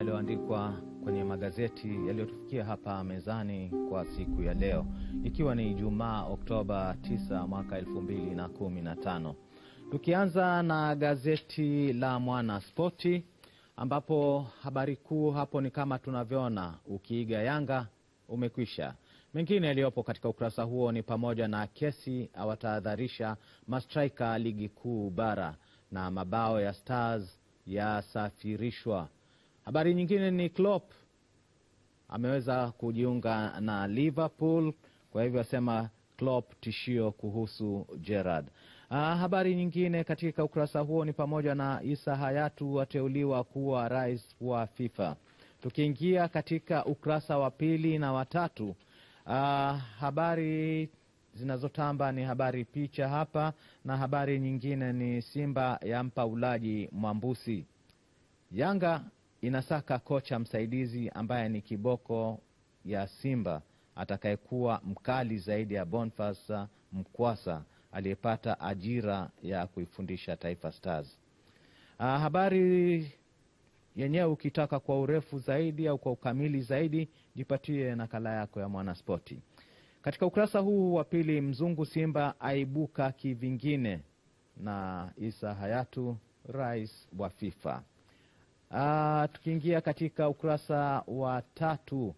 Yaliyoandikwa kwenye magazeti yaliyotufikia hapa mezani kwa siku ya leo, ikiwa ni Ijumaa Oktoba 9 mwaka 2015. Tukianza na gazeti la Mwana Spoti, ambapo habari kuu hapo ni kama tunavyoona, ukiiga Yanga umekwisha. Mengine yaliyopo katika ukurasa huo ni pamoja na kesi awatahadharisha mastrika ligi kuu bara na mabao ya Stars yasafirishwa Habari nyingine ni Klopp ameweza kujiunga na Liverpool, kwa hivyo asema Klopp tishio kuhusu Gerrard. Ah, habari nyingine katika ukurasa huo ni pamoja na Issa Hayatu ateuliwa kuwa rais wa FIFA. Tukiingia katika ukurasa wa pili na watatu, ah, habari zinazotamba ni habari picha hapa na habari nyingine ni Simba yampa ulaji Mwambusi. Yanga inasaka kocha msaidizi ambaye ni kiboko ya Simba atakayekuwa mkali zaidi ya bonfas Mkwasa aliyepata ajira ya kuifundisha Taifa Stars. Ah, habari yenyewe ukitaka kwa urefu zaidi au kwa ukamili zaidi jipatie nakala yako ya Mwanaspoti. Katika ukurasa huu wa pili, mzungu Simba aibuka kivingine na Isa Hayatu, rais wa FIFA. Uh, tukiingia katika ukurasa wa tatu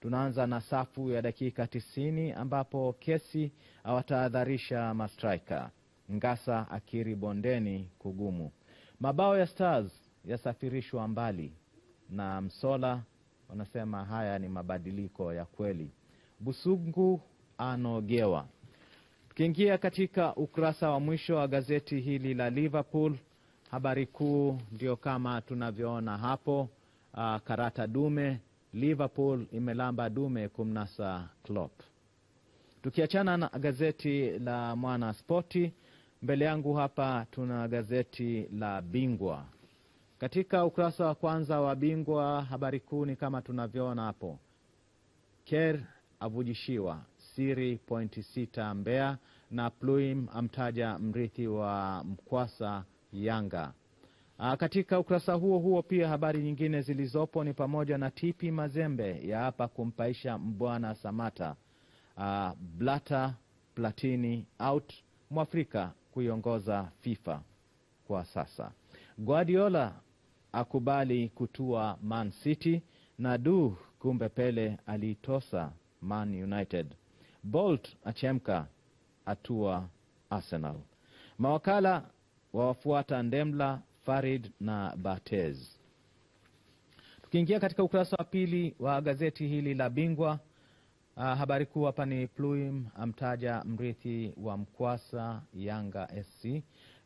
tunaanza na safu ya dakika tisini ambapo kesi awatahadharisha mastrika Ngasa akiri bondeni kugumu. Mabao ya Stars yasafirishwa mbali na Msola, wanasema haya ni mabadiliko ya kweli. Busungu anogewa. Tukiingia katika ukurasa wa mwisho wa gazeti hili la Liverpool Habari kuu ndio kama tunavyoona hapo, uh, karata dume. Liverpool imelamba dume kumnasa Klopp. Tukiachana na gazeti la Mwana Spoti, mbele yangu hapa tuna gazeti la Bingwa. Katika ukurasa wa kwanza wa Bingwa, habari kuu ni kama tunavyoona hapo, Ker avujishiwa siri pointi sita mbea na Pluim amtaja mrithi wa Mkwasa Yanga. A, ah, katika ukurasa huo huo pia habari nyingine zilizopo ni pamoja na Tipi Mazembe ya hapa kumpaisha Mbwana Samata. A, ah, Blata Platini out Mwafrika kuiongoza FIFA kwa sasa. Guardiola akubali kutua Man City na du, kumbe Pele aliitosa Man United. Bolt achemka atua Arsenal. Mawakala wawafuata Ndemla, Farid na Batez. Tukiingia katika ukurasa wa pili wa gazeti hili la Bingwa, uh, habari kuu hapa ni Pluim amtaja mrithi wa Mkwasa Yanga SC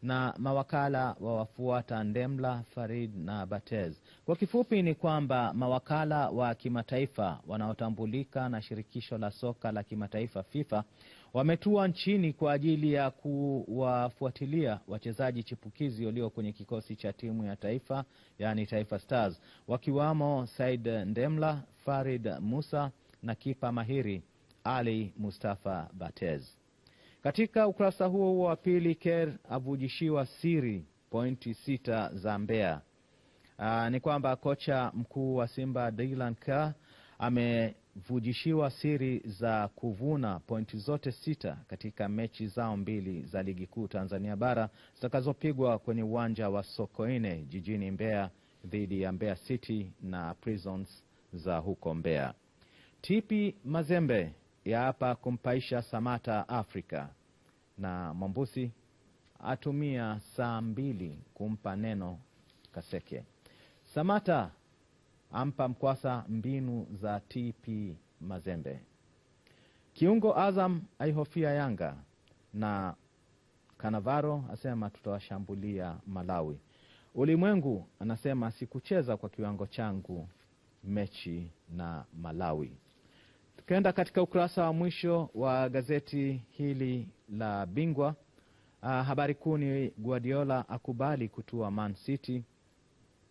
na mawakala wa wafuata Ndemla, Farid na Batez. Kwa kifupi ni kwamba mawakala wa kimataifa wanaotambulika na shirikisho la soka la kimataifa FIFA wametua nchini kwa ajili ya kuwafuatilia wachezaji chipukizi walio kwenye kikosi cha timu ya taifa yaani Taifa Stars, wakiwamo Said Ndemla, Farid Musa na kipa mahiri Ali Mustafa Batez. Katika ukurasa huo huo wa pili, Ker avujishiwa siri pointi sita za Mbeya. Aa, ni kwamba kocha mkuu wa Simba Dylan Kerr ame vujishiwa siri za kuvuna pointi zote sita katika mechi zao mbili za ligi kuu Tanzania bara zitakazopigwa kwenye uwanja wa Sokoine jijini Mbeya dhidi ya Mbeya City na Prisons za huko Mbeya. Tipi Mazembe ya hapa kumpaisha Samata Africa na Mwambusi atumia saa mbili kumpa neno Kaseke. Samata ampa Mkwasa mbinu za TP Mazembe. Kiungo Azam aihofia Yanga na Kanavaro asema tutawashambulia Malawi. Ulimwengu anasema sikucheza kwa kiwango changu mechi na Malawi. Tukienda katika ukurasa wa mwisho wa gazeti hili la Bingwa, Uh, habari kuu ni Guardiola akubali kutua Man City,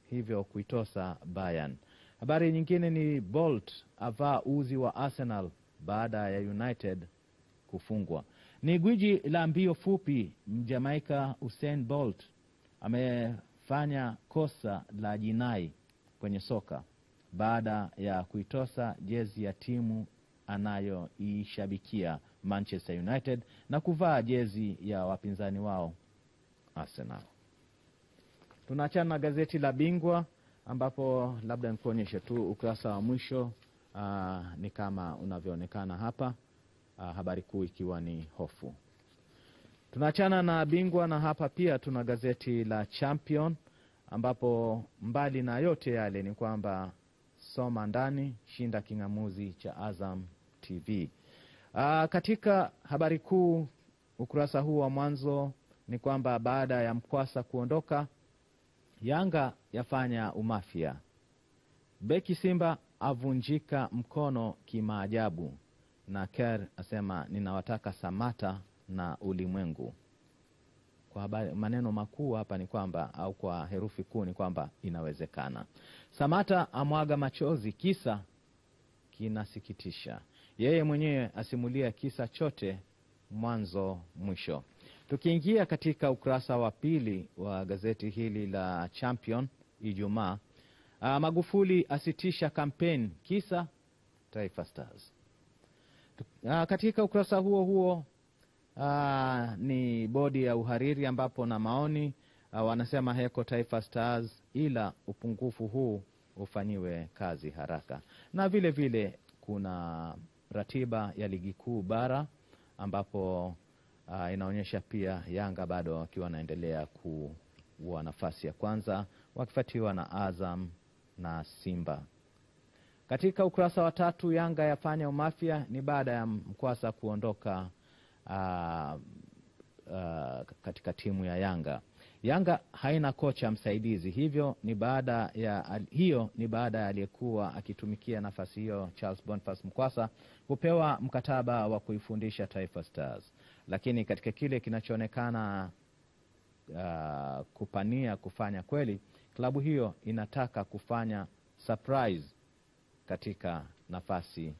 hivyo kuitosa Bayern. Habari nyingine ni Bolt avaa uzi wa Arsenal baada ya United kufungwa. Ni gwiji la mbio fupi Mjamaika Usain Bolt amefanya kosa la jinai kwenye soka baada ya kuitosa jezi ya timu anayoishabikia Manchester United na kuvaa jezi ya wapinzani wao Arsenal. Tunaachana na gazeti la Bingwa ambapo labda nikuonyeshe tu ukurasa wa mwisho. Uh, ni kama unavyoonekana hapa uh, habari kuu ikiwa ni hofu. Tunaachana na bingwa na hapa pia tuna gazeti la Champion ambapo mbali na yote yale ni kwamba soma ndani, shinda king'amuzi cha Azam TV. Uh, ah, katika habari kuu ukurasa huu wa mwanzo ni kwamba baada ya Mkwasa kuondoka Yanga yafanya umafia. Beki Simba avunjika mkono kimaajabu, na Ker asema ninawataka Samata na ulimwengu. Kwa habari, maneno makuu hapa ni kwamba au kwa herufi kuu ni kwamba inawezekana. Samata amwaga machozi, kisa kinasikitisha. Yeye mwenyewe asimulia kisa chote mwanzo mwisho. Tukiingia katika ukurasa wa pili wa gazeti hili la Champion Ijumaa, ah, Magufuli asitisha kampeni kisa Taifa Stars. Uh, katika ukurasa huo huo uh, ni bodi ya uhariri ambapo na maoni uh, wanasema heko Taifa Stars, ila upungufu huu ufanyiwe kazi haraka, na vile vile kuna ratiba ya ligi kuu bara ambapo uh, inaonyesha pia Yanga bado wakiwa wanaendelea kuwa nafasi ya kwanza wakifuatiwa na Azam na Simba. Katika ukurasa wa tatu, Yanga yafanya umafia ni baada ya Mkwasa kuondoka uh, uh, katika timu ya Yanga. Yanga haina kocha msaidizi, hivyo ni baada ya hiyo ni baada ya aliyekuwa akitumikia nafasi hiyo Charles Boniface Mkwasa kupewa mkataba wa kuifundisha Taifa Stars, lakini katika kile kinachoonekana uh, kupania kufanya kweli, klabu hiyo inataka kufanya surprise katika nafasi